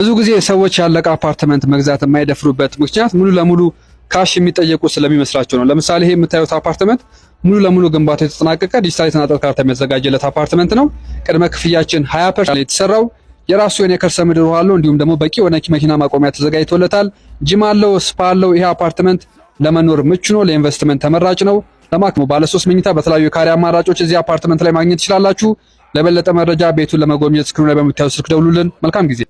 ብዙ ጊዜ ሰዎች ያለቀ አፓርትመንት መግዛት የማይደፍሩበት ምክንያት ሙሉ ለሙሉ ካሽ የሚጠየቁ ስለሚመስላቸው ነው። ለምሳሌ ይሄ የምታዩት አፓርትመንት ሙሉ ለሙሉ ግንባታ የተጠናቀቀ ዲጂታል የተናጠል ካርታ የሚያዘጋጀለት አፓርትመንት ነው። ቅድመ ክፍያችን 20 ፐርሰንት የተሰራው የራሱ የሆነ የከርሰ ምድር ውሃ አለው። እንዲሁም ደግሞ በቂ የሆነ መኪና ማቆሚያ ተዘጋጅቶለታል። ጂም አለው፣ ስፓ አለው። ይሄ አፓርትመንት ለመኖር ምቹ ነው። ለኢንቨስትመንት ተመራጭ ነው። ለማክሞ ባለ ሶስት መኝታ በተለያዩ የካሬ አማራጮች እዚህ አፓርትመንት ላይ ማግኘት ትችላላችሁ። ለበለጠ መረጃ ቤቱን ለመጎብኘት ስክሪኑ ላይ በምታዩ ስልክ ደውሉልን። መልካም ጊዜ